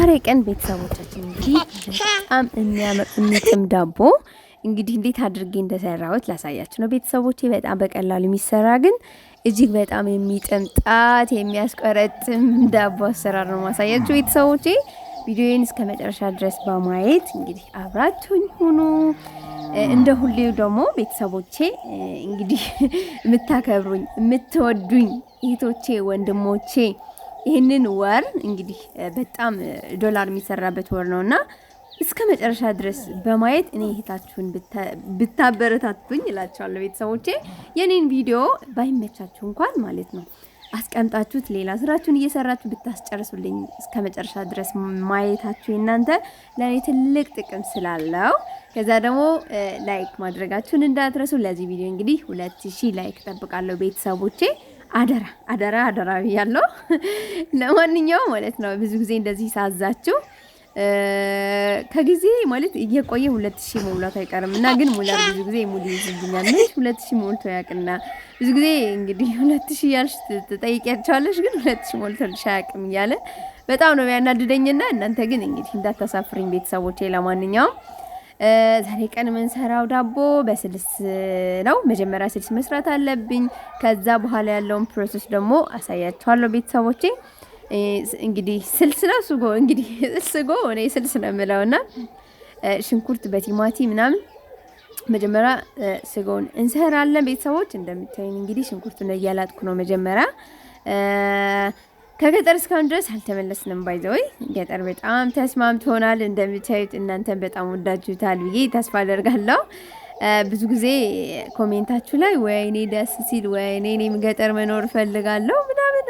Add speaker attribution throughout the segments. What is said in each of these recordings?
Speaker 1: ዛሬ ቀን ቤተሰቦቻችን እንግዲህ በጣም የሚያምር የሚጥም ዳቦ እንግዲህ እንዴት አድርጌ እንደሰራሁት ላሳያችሁ ነው ቤተሰቦች በጣም በቀላሉ የሚሰራ ግን እጅግ በጣም የሚጥም ጣት የሚያስቆረጥም ዳቦ አሰራር ነው ማሳያችሁ ቤተሰቦቼ። ቪዲዮዬን እስከ መጨረሻ ድረስ በማየት እንግዲህ አብራችሁኝ ሁኑ። እንደ ሁሌው ደግሞ ቤተሰቦቼ እንግዲህ የምታከብሩኝ የምትወዱኝ እህቶቼ ወንድሞቼ ይህንን ወር እንግዲህ በጣም ዶላር የሚሰራበት ወር ነው እና እስከ መጨረሻ ድረስ በማየት እኔ እህታችሁን ብታበረታቱኝ እላቸዋለሁ። ቤተሰቦቼ የኔን ቪዲዮ ባይመቻችሁ እንኳን ማለት ነው አስቀምጣችሁት ሌላ ስራችሁን እየሰራችሁ ብታስጨርሱልኝ እስከ መጨረሻ ድረስ ማየታችሁ እናንተ ለእኔ ትልቅ ጥቅም ስላለው፣ ከዛ ደግሞ ላይክ ማድረጋችሁን እንዳትረሱ። ለዚህ ቪዲዮ እንግዲህ ሁለት ሺህ ላይክ ጠብቃለሁ ቤተሰቦቼ። አደራ አደራ አደራ ብያለሁ። ለማንኛውም ማለት ነው ብዙ ጊዜ እንደዚህ ሳዛችሁ ከጊዜ ማለት እየቆየ ሁለት ሺህ መሙላት አይቀርም እና ግን ሙላር ብዙ ጊዜ ሙሉ ይዝብኛለች። ሁለት ሺህ ሞልቶ ያቅና ብዙ ጊዜ እንግዲህ ሁለት ሺህ እያልሽ ትጠይቂያቸዋለሽ፣ ግን ሁለት ሺህ ሞልቶልሽ አያቅም እያለ በጣም ነው ያናድደኝና እናንተ ግን እንግዲህ እንዳታሳፍርኝ ቤተሰቦቼ ለማንኛውም ዛሬ ቀን የምንሰራው ዳቦ በስልስ ነው። መጀመሪያ ስልስ መስራት አለብኝ። ከዛ በኋላ ያለውን ፕሮሰስ ደግሞ አሳያችኋለሁ ቤተሰቦቼ። እንግዲህ ስልስ ነው ስጎ፣ እንግዲህ ስጎ እኔ ስልስ ነው የምለውና ሽንኩርት በቲማቲ ምናምን መጀመሪያ ስጎውን እንሰራለን ቤተሰቦች። እንደምታዩኝ እንግዲህ ሽንኩርቱን እያላጥኩ ነው መጀመሪያ ከገጠር እስካሁን ድረስ አልተመለስንም። ባይዘወይ ገጠር በጣም ተስማምቶናል። እንደምታዩት እናንተን በጣም ወዳችሁታል ብዬ ተስፋ አደርጋለሁ። ብዙ ጊዜ ኮሜንታችሁ ላይ ወይኔ ደስ ሲል ወይኔ እኔም ገጠር መኖር እፈልጋለሁ ምናምን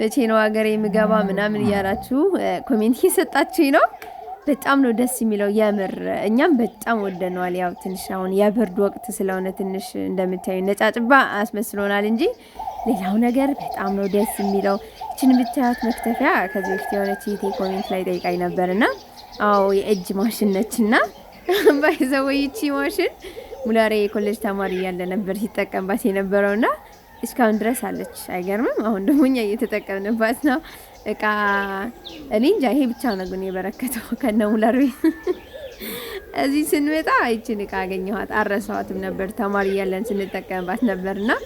Speaker 1: መቼ ነው ሀገር የምገባ ምናምን እያላችሁ ኮሜንት እየሰጣችሁኝ ነው። በጣም ነው ደስ የሚለው የምር እኛም በጣም ወደነዋል። ያው ትንሽ አሁን የብርድ ወቅት ስለሆነ ትንሽ እንደምታዩ ነጫጭባ አስመስሎናል እንጂ ሌላው ነገር በጣም ነው ደስ የሚለው። እችን ብቻት መክተፊያ ከዚህ በፊት የሆነች ቴ ኮሜንት ላይ ጠይቃኝ ነበር እና አዎ የእጅ ማሽን ነች እና ባይዘወይቺ ማሽን ሙላሬ የኮሌጅ ተማሪ እያለ ነበር ሲጠቀምባት የነበረው እና እስካሁን ድረስ አለች። አይገርምም? አሁን ደግሞ እኛ እየተጠቀምንባት ነው። እቃ እኔ እንጃ ይሄ ብቻ ነው ግን የበረከተው ከነ ሙላሬ እዚህ ስንመጣ ይችን እቃ አገኘኋት። አረሰዋትም ነበር ተማሪ እያለን ስንጠቀምባት ነበር ነበርና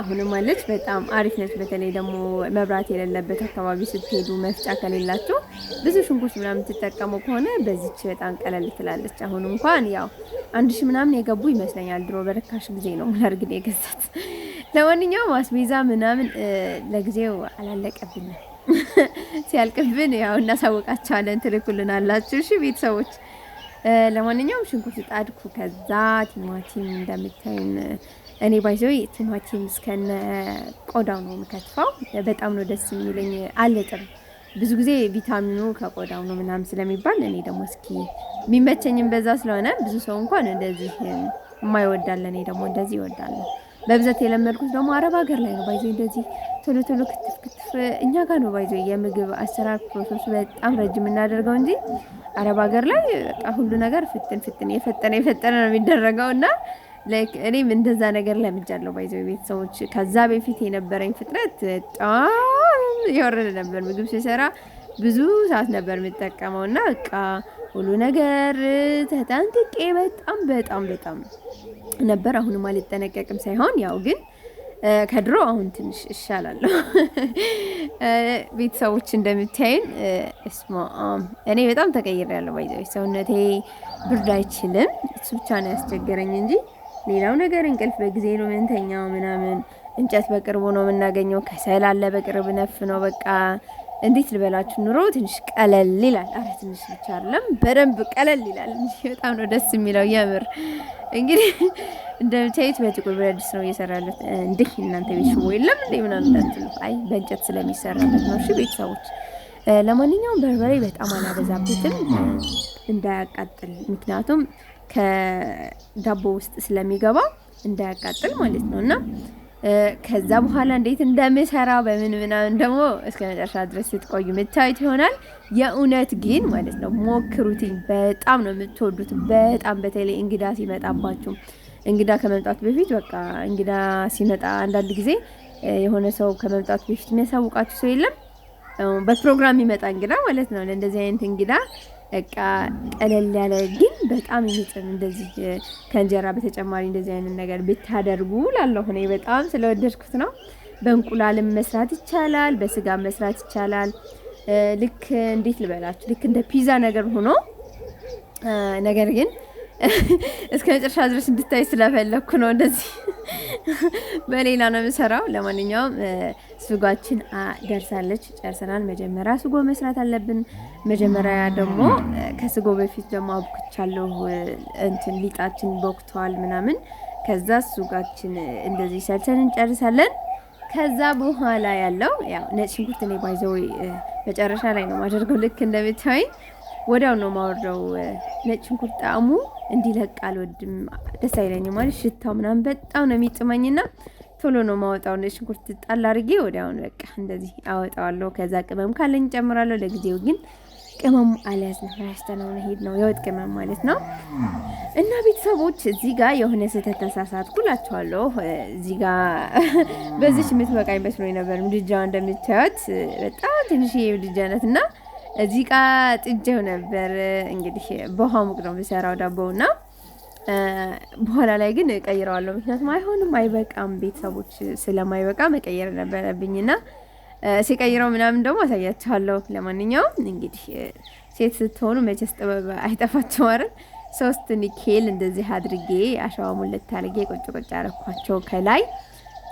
Speaker 1: አሁንም አለች። በጣም አሪፍ ነች። በተለይ ደግሞ መብራት የሌለበት አካባቢ ስትሄዱ መፍጫ ከሌላቸው ብዙ ሽንኩርት ምናምን የምትጠቀሙ ከሆነ በዚች በጣም ቀለል ትላለች። አሁን እንኳን ያው አንድ ሺ ምናምን የገቡ ይመስለኛል። ድሮ በርካሽ ጊዜ ነው ላርግን የገዛት። ለማንኛውም አስቤዛ ምናምን ለጊዜው አላለቀብንም። ሲያልቅብን ያው እናሳውቃቸዋለን። ትልኩልን አላችሁ እሺ ቤተሰቦች። ለማንኛውም ሽንኩርት ጣድኩ። ከዛ ቲማቲም እንደምታይን እኔ ባይዘ ቲማቲም እስከነ ቆዳው ነው የምከትፈው። በጣም ነው ደስ የሚለኝ። አልጥም ብዙ ጊዜ ቪታሚኑ ከቆዳው ነው ምናምን ስለሚባል እኔ ደግሞ እስኪ የሚመቸኝም በዛ ስለሆነ ብዙ ሰው እንኳን እንደዚህ የማይወዳለ እኔ ደግሞ እንደዚህ ይወዳለሁ። በብዛት የለመድኩት ደግሞ አረብ ሀገር ላይ ነው ባይዘ እንደዚህ ቶሎ ቶሎ ክትፍ ክትፍ። እኛ ጋር ነው ባይዘ የምግብ አሰራር ፕሮሰሱ በጣም ረጅም እናደርገው እንጂ አረብ ሀገር ላይ ሁሉ ነገር ፍጥን ፍጥን የፈጠነ የፈጠነ ነው የሚደረገው እና ላይክ እኔም እንደዛ ነገር ለምጃለሁ። ባይዘ ቤተሰቦች ከዛ በፊት የነበረኝ ፍጥነት በጣም የወረደ ነበር። ምግብ ሲሰራ ብዙ ሰዓት ነበር የምጠቀመው እና በቃ ሁሉ ነገር ተጠንቅቄ በጣም በጣም በጣም ነበር። አሁንም አልጠነቀቅም ሳይሆን ያው ግን ከድሮ አሁን ትንሽ እሻላለሁ። ቤተሰቦች እንደምታይን እስማ እኔ በጣም ተቀይሬያለሁ። ባይዘ ሰውነቴ ብርድ አይችልም። እሱ ብቻ ነው ያስቸገረኝ እንጂ ሌላው ነገር እንቅልፍ በጊዜ ነው ምንተኛው ምናምን። እንጨት በቅርቡ ነው የምናገኘው። ከሰል አለ በቅርብ ነፍ ነው በቃ እንዴት ልበላችሁ፣ ኑሮ ትንሽ ቀለል ይላል። አረ ትንሽ ብቻ አይደለም በደንብ ቀለል ይላል እንጂ በጣም ነው ደስ የሚለው። የምር እንግዲህ እንደምታዩት በጥቁር ብረት ድስት ነው እየሰራለት። እንዲህ እናንተ ቤት ሽቦ የለም እንዴ ምናምን እንዳትሉ፣ አይ በእንጨት ስለሚሰራለት ነው። እሺ ቤተሰቦች፣ ለማንኛውም በርበሬ በጣም አላበዛበትም እንዳያቃጥል፣ ምክንያቱም ከዳቦ ውስጥ ስለሚገባ እንዳያቃጥል ማለት ነው እና ከዛ በኋላ እንዴት እንደምሰራ በምን ምናምን ደግሞ እስከ መጨረሻ ድረስ ስትቆዩ የምታዩት ይሆናል። የእውነት ግን ማለት ነው ሞክሩትኝ፣ በጣም ነው የምትወዱት። በጣም በተለይ እንግዳ ሲመጣባችሁ፣ እንግዳ ከመምጣቱ በፊት በቃ እንግዳ ሲመጣ አንዳንድ ጊዜ የሆነ ሰው ከመምጣቱ በፊት የሚያሳውቃችሁ ሰው የለም። በፕሮግራም የሚመጣ እንግዳ ማለት ነው። ለእንደዚህ አይነት እንግዳ በቃ ቀለል ያለ ግን በጣም የሚጥም እንደዚህ ከእንጀራ በተጨማሪ እንደዚህ አይነት ነገር ብታደርጉ ላለሁ እኔ በጣም ስለወደድኩት ነው። በእንቁላልም መስራት ይቻላል፣ በስጋ መስራት ይቻላል። ልክ እንዴት ልበላችሁ፣ ልክ እንደ ፒዛ ነገር ሆኖ ነገር ግን እስከ መጨረሻ ድረስ እንድታይ ስለፈለግኩ ነው እንደዚህ በሌላ ነው የምሰራው። ለማንኛውም ስጓችን ደርሳለች፣ ጨርሰናል። መጀመሪያ ስጎ መስራት አለብን። መጀመሪያ ደግሞ ከስጎ በፊት ደግሞ አብኩቻለሁ። እንትን ሊጣችን ቦክተዋል ምናምን። ከዛ ስጓችን እንደዚህ ሰርተን እንጨርሳለን። ከዛ በኋላ ያለው ያው ነጭ ሽንኩርት እኔ ባይዘው መጨረሻ ላይ ነው ማደርገው። ልክ እንደምታይ ወዲያው ነው ማወርደው ነጭ ሽንኩርት ጣዕሙ እንዲለቅ አልወድም፣ ደስ አይለኝም ማለት ሽታው ምናምን በጣም ነው የሚጥመኝና ቶሎ ነው ማወጣው። ሽንኩርት ጣል አድርጌ ወዲያውኑ በቃ እንደዚህ አወጣዋለሁ። ከዛ ቅመም ካለኝ ጨምራለሁ። ለጊዜው ግን ቅመሙ አልያዝ ነው ያስተናው ነው ሄድ ነው የወጥ ቅመም ማለት ነው። እና ቤተሰቦች እዚህ ጋር የሆነ ስህተት ተሳሳትኩ እላችኋለሁ። እዚህ ጋር በዚች የምትበቃኝ መስሎኝ ነበር። ምድጃ እንደምታዩት በጣም ትንሽ ምድጃ ናት እና እዚህ ጋ ጥጄው ነበር። እንግዲህ በውሃ ሙቅ ነው የሚሰራው ዳቦውና በኋላ ላይ ግን እቀይረዋለሁ። ምክንያቱም አይሆንም፣ አይበቃም፣ ቤተሰቦች ስለማይበቃ መቀየር ነበረብኝና ሲቀይረው ምናምን ደግሞ አሳያችኋለሁ። ለማንኛውም እንግዲህ ሴት ስትሆኑ መቼስ ጥበብ አይጠፋቸው አይደል? ሶስት ኒኬል እንደዚህ አድርጌ አሸዋ ሙልት አድርጌ ቁጭ ቁጭ አረኳቸው ከላይ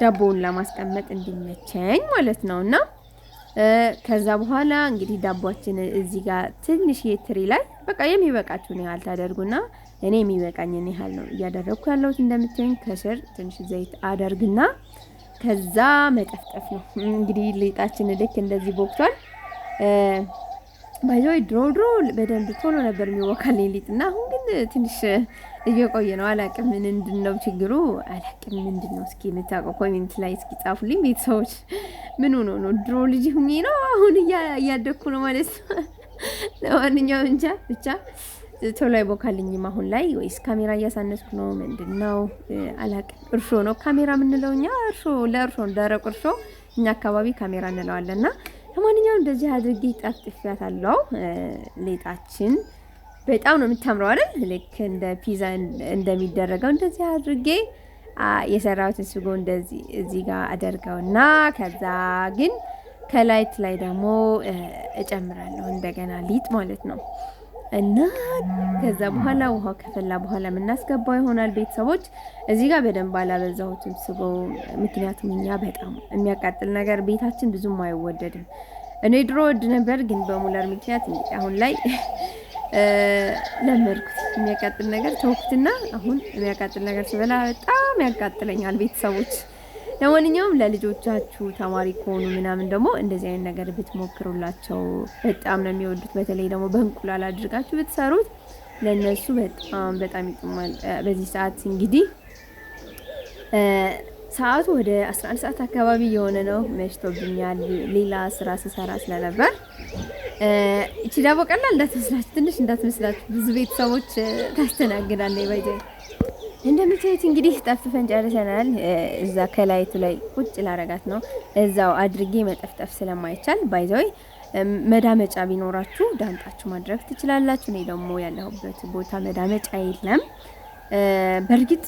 Speaker 1: ዳቦውን ለማስቀመጥ እንዲመቸኝ ማለት ነው እና ከዛ በኋላ እንግዲህ ዳቧችን እዚህ ጋር ትንሽ የትሪ ላይ በቃ የሚበቃችሁን ያህል ታደርጉና እኔ የሚበቃኝን ያህል ነው እያደረግኩ ያለሁት። እንደምትሆኝ ከስር ትንሽ ዘይት አደርግና ከዛ መጠፍጠፍ ነው እንግዲህ። ሊጣችን ልክ እንደዚህ ቦክቷል። ባይዘ ድሮ ድሮ በደንብ ቶሎ ነበር የሚወካልኝ ሊጥ እና አሁን ግን ትንሽ እየቆየ ነው። አላቅም ምንድን ነው ችግሩ? አላቅም ምንድን ነው? እስኪ የምታውቀው ኮሜንት ላይ እስኪ ጻፉልኝ ቤተሰቦች። ምን ሆኖ ነው? ድሮ ልጅ ሁኜ ነው አሁን እያደግኩ ነው ማለት ነው። ለማንኛውም እንጃ ብቻ ቶሎ አይቦካልኝም አሁን ላይ። ወይስ ካሜራ እያሳነስኩ ነው? ምንድን ነው አላቅም። እርሾ ነው ካሜራ የምንለው እኛ። እርሾ ለእርሾ ደረቅ እርሾ እኛ አካባቢ ካሜራ እንለዋለንና፣ ለማንኛውም እንደዚህ አድርጌ ጣፍ ጥፊያት አለው ሌጣችን በጣም ነው የምታምረው አይደል? ልክ እንደ ፒዛ እንደሚደረገው እንደዚህ አድርጌ የሰራሁትን ስጎ እንደዚህ እዚህ ጋር እና ከዛ ግን ከላይት ላይ ደግሞ እጨምራለሁ እንደገና ሊጥ ማለት ነው። እና ከዛ በኋላ ውሃው ከፈላ በኋላ የምናስገባው ይሆናል። ቤተሰቦች እዚህ ጋር በደንብ አላበዛሁትም ስጎ፣ ምክንያቱም እኛ በጣም የሚያቃጥል ነገር ቤታችን ብዙም አይወደድም። እኔ ድሮ ወድ ነበር፣ ግን በሙላር ምክንያት አሁን ላይ ለመርኩት የሚያቃጥል ነገር ተውኩትና አሁን የሚያቃጥል ነገር ስበላ በጣም ያቃጥለኛል። ቤተሰቦች ለማንኛውም ለልጆቻችሁ ተማሪ ከሆኑ ምናምን ደግሞ እንደዚህ አይነት ነገር ብትሞክሩላቸው በጣም ነው የሚወዱት። በተለይ ደግሞ በእንቁላል አድርጋችሁ ብትሰሩት ለእነሱ በጣም በጣም ይጥማል። በዚህ ሰዓት እንግዲህ ሰዓቱ ወደ 11 ሰዓት አካባቢ የሆነ ነው። መሽቶብኛል። ሌላ ስራ ስሰራ ስለነበር እቺ ዳቦ ቀላል እንዳትመስላችሁ፣ ትንሽ እንዳትመስላችሁ፣ ብዙ ቤተሰቦች ታስተናግዳለች። ባይዘ እንደምታዩት እንግዲህ ጠፍጥፈን ጨርሰናል። እዛ ከላይቱ ላይ ቁጭ ላረጋት ነው። እዛው አድርጌ መጠፍጠፍ ስለማይቻል ባይዘወይ መዳመጫ ቢኖራችሁ ዳምጣችሁ ማድረግ ትችላላችሁ። እኔ ደግሞ ያለሁበት ቦታ መዳመጫ የለም። በእርግጥ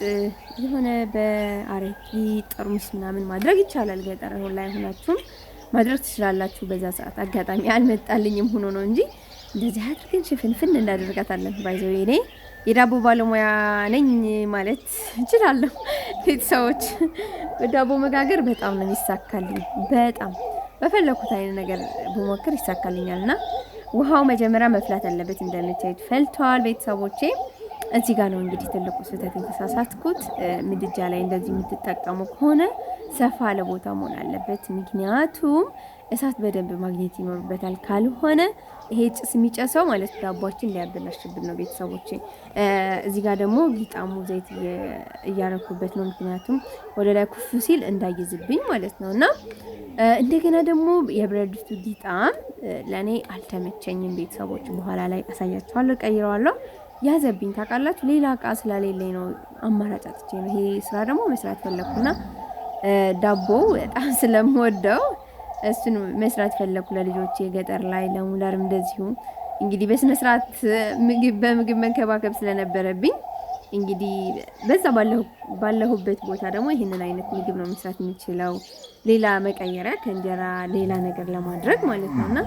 Speaker 1: የሆነ በአረቂ ጠርሙስ ምናምን ማድረግ ይቻላል። ገጠር ላይ ሆናችሁም ማድረግ ትችላላችሁ። በዛ ሰዓት አጋጣሚ አልመጣልኝም ሆኖ ነው እንጂ እንደዚህ አድርገን ሽፍንፍን እንዳደርጋታለን። ባይዘው እኔ የዳቦ ባለሙያ ነኝ ማለት እችላለሁ። ቤተሰቦች በዳቦ መጋገር በጣም ነው ይሳካልኝ። በጣም በፈለኩት አይነት ነገር ብሞክር ይሳካልኛል። እና ውሃው መጀመሪያ መፍላት አለበት። እንደምታዩት ፈልተዋል ቤተሰቦቼ። እዚህ ጋር ነው እንግዲህ ትልቁ ስህተት የተሳሳትኩት። ምድጃ ላይ እንደዚህ የምትጠቀሙ ከሆነ ሰፋ ያለ ቦታ መሆን አለበት። ምክንያቱም እሳት በደንብ ማግኘት ይኖርበታል። ካልሆነ ይሄ ጭስ የሚጨሰው ማለት ዳቧችን ሊያበላሽብን ነው። ቤተሰቦች እዚህ ጋር ደግሞ ጊጣሙ ዘይት እያረኩበት ነው። ምክንያቱም ወደ ላይ ኩፍ ሲል እንዳይዝብኝ ማለት ነው። እና እንደገና ደግሞ የብረት ድስቱ ጌጣም ለእኔ አልተመቸኝም። ቤተሰቦች በኋላ ላይ አሳያቸዋለሁ፣ ቀይረዋለሁ። ያዘብኝ ታውቃላችሁ። ሌላ እቃ ስለሌለኝ ነው አማራጭ አጥቼ ነው። ይሄ ስራ ደግሞ መስራት ፈለግኩና ዳቦ በጣም ስለምወደው እሱን መስራት ፈለኩ ለልጆች ገጠር ላይ ለሙላር እንደዚሁ እንግዲህ በስነ ስርዓት ምግብ በምግብ መንከባከብ ስለነበረብኝ እንግዲህ በዛ ባለሁበት ቦታ ደግሞ ይህንን አይነት ምግብ ነው መስራት የምችለው። ሌላ መቀየሪያ ከእንጀራ ሌላ ነገር ለማድረግ ማለት ነው። እና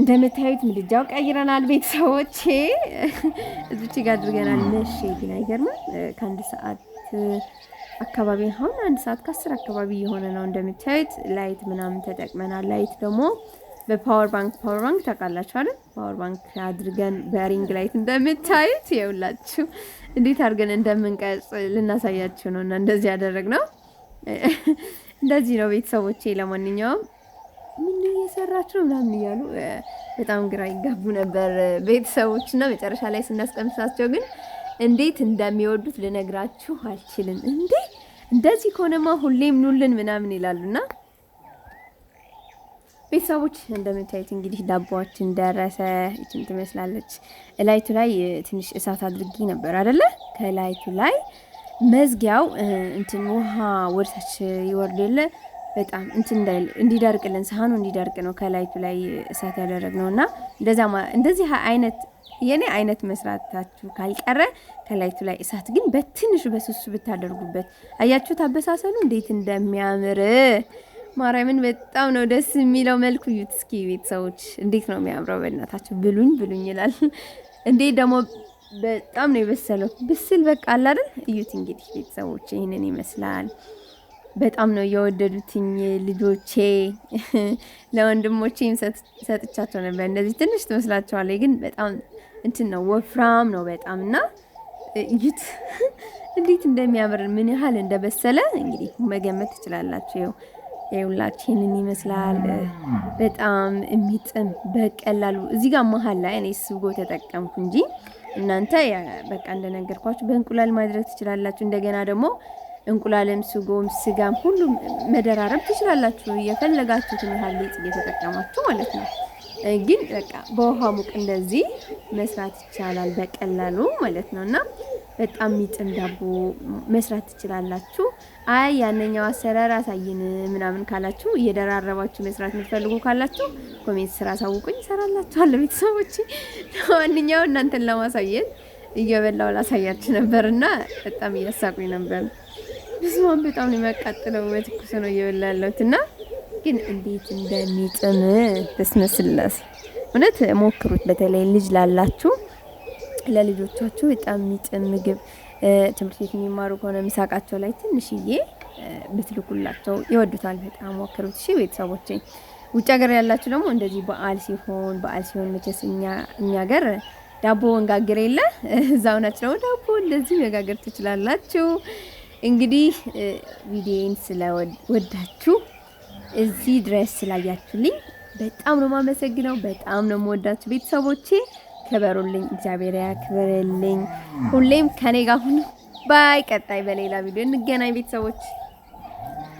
Speaker 1: እንደምታዩት ምድጃው ቀይረናል፣ ቤተሰቦቼ እዚች ጋር አድርገናል። መቼ ግን አይገርምም? ከአንድ ሰዓት አካባቢ አሁን አንድ ሰዓት ከአስር አካባቢ የሆነ ነው እንደምታዩት። ላይት ምናምን ተጠቅመናል። ላይት ደግሞ በፓወር ባንክ ፓወር ባንክ ታውቃላችሁ አይደል? ፓወር ባንክ አድርገን በሪንግ ላይት እንደምታዩት የውላችሁ እንዴት አድርገን እንደምንቀርጽ ልናሳያችሁ ነው እና እንደዚህ ያደረግነው እንደዚህ ነው ቤተሰቦቼ። ለማንኛውም ምን እየሰራችሁ ነው ምናምን እያሉ በጣም ግራ ይጋቡ ነበር ቤተሰቦች እና መጨረሻ ላይ ስናስቀምሳቸው ግን እንዴት እንደሚወዱት ልነግራችሁ አልችልም። እንዴ እንደዚህ ከሆነማ ሁሌም ኑልን ምናምን ይላሉና ቤተሰቦች እንደምታዩት እንግዲህ ዳቦችን ደረሰ። ይችን ትመስላለች። እላይቱ ላይ ትንሽ እሳት አድርጊ ነበር አደለ? ከላይቱ ላይ መዝጊያው እንትን ውሃ ወደታች ይወርድ የለ በጣም እንትን እንዲደርቅልን ሳህኑ እንዲደርቅ ነው ከላይቱ ላይ እሳት ያደረግነው እና እንደዚህ አይነት የኔ አይነት መስራታችሁ ካልቀረ ከላይቱ ላይ እሳት ግን በትንሹ በስሱ ብታደርጉበት አያችሁት አበሳሰሉ እንዴት እንደሚያምር ማርያምን በጣም ነው ደስ የሚለው መልኩ እዩት እስኪ ቤተሰቦች እንዴት ነው የሚያምረው በእናታችሁ ብሉኝ ብሉኝ ይላል እንዴት ደግሞ በጣም ነው የበሰለው ብስል በቃ አለ እዩት እንግዲህ ቤተሰቦች ይህንን ይመስላል በጣም ነው የወደዱትኝ ልጆቼ። ለወንድሞቼም ሰጥቻቸው ነበር። እንደዚህ ትንሽ ትመስላችኋለች፣ ግን በጣም እንትን ነው ወፍራም ነው በጣም እና እዩት እንዴት እንደሚያምር ምን ያህል እንደበሰለ እንግዲህ መገመት ትችላላችሁ። ይኸው ይኸውላችሁ ይመስላል። በጣም የሚጥም በቀላሉ እዚህ ጋር መሀል ላይ እኔ ስጎ ተጠቀምኩ እንጂ እናንተ በቃ እንደነገርኳችሁ በእንቁላል ማድረግ ትችላላችሁ። እንደገና ደግሞ እንቁላልም፣ ስጎም፣ ስጋም ሁሉም መደራረብ ትችላላችሁ። የፈለጋችሁትን ያህል ሊጥ እየተጠቀማችሁ ማለት ነው። ግን በቃ በውሃ ሙቅ እንደዚህ መስራት ይቻላል በቀላሉ ማለት ነው እና በጣም የሚጥም ዳቦ መስራት ትችላላችሁ። አይ ያነኛው አሰራር አሳይን ምናምን ካላችሁ እየደራረባችሁ መስራት የምትፈልጉ ካላችሁ ኮሜንት ስራ አሳውቁኝ፣ እሰራላችኋለሁ። ቤተሰቦች ለማንኛው እናንተን ለማሳየት እየበላው ላሳያችሁ ነበር እና በጣም እያሳቁኝ ነበር። ብዙ በጣም ነው የሚያቃጥለው። በትኩስ ነው እየበላ ያለሁት እና ግን እንዴት እንደሚጥም ትስምስለስ እውነት ሞክሩት። በተለይ ልጅ ላላችሁ ለልጆቻችሁ በጣም የሚጥም ምግብ ትምህርት ቤት የሚማሩ ከሆነ ምሳቃቸው ላይ ትንሽዬ ብትልኩላቸው ይወዱታል። በጣም ሞክሩት። እሺ ቤተሰቦቼ፣ ውጭ ሀገር ያላችሁ ደግሞ እንደዚህ በዓል ሲሆን በዓል ሲሆን መቼስ እኛ ሀገር ዳቦ እንጋግር የለ እዛው ናችሁ ደግሞ ዳቦ እንደዚህ መጋገር ትችላላችሁ። እንግዲህ ቪዲዮን ስለወዳችሁ እዚህ ድረስ ስላያችሁልኝ በጣም ነው የማመሰግነው። በጣም ነው የምወዳችሁ ቤተሰቦቼ። ክበሩልኝ፣ እግዚአብሔር ያክብርልኝ። ሁሌም ከኔ ጋር ሁኑ። ባይ። ቀጣይ በሌላ ቪዲዮ እንገናኝ ቤተሰቦች።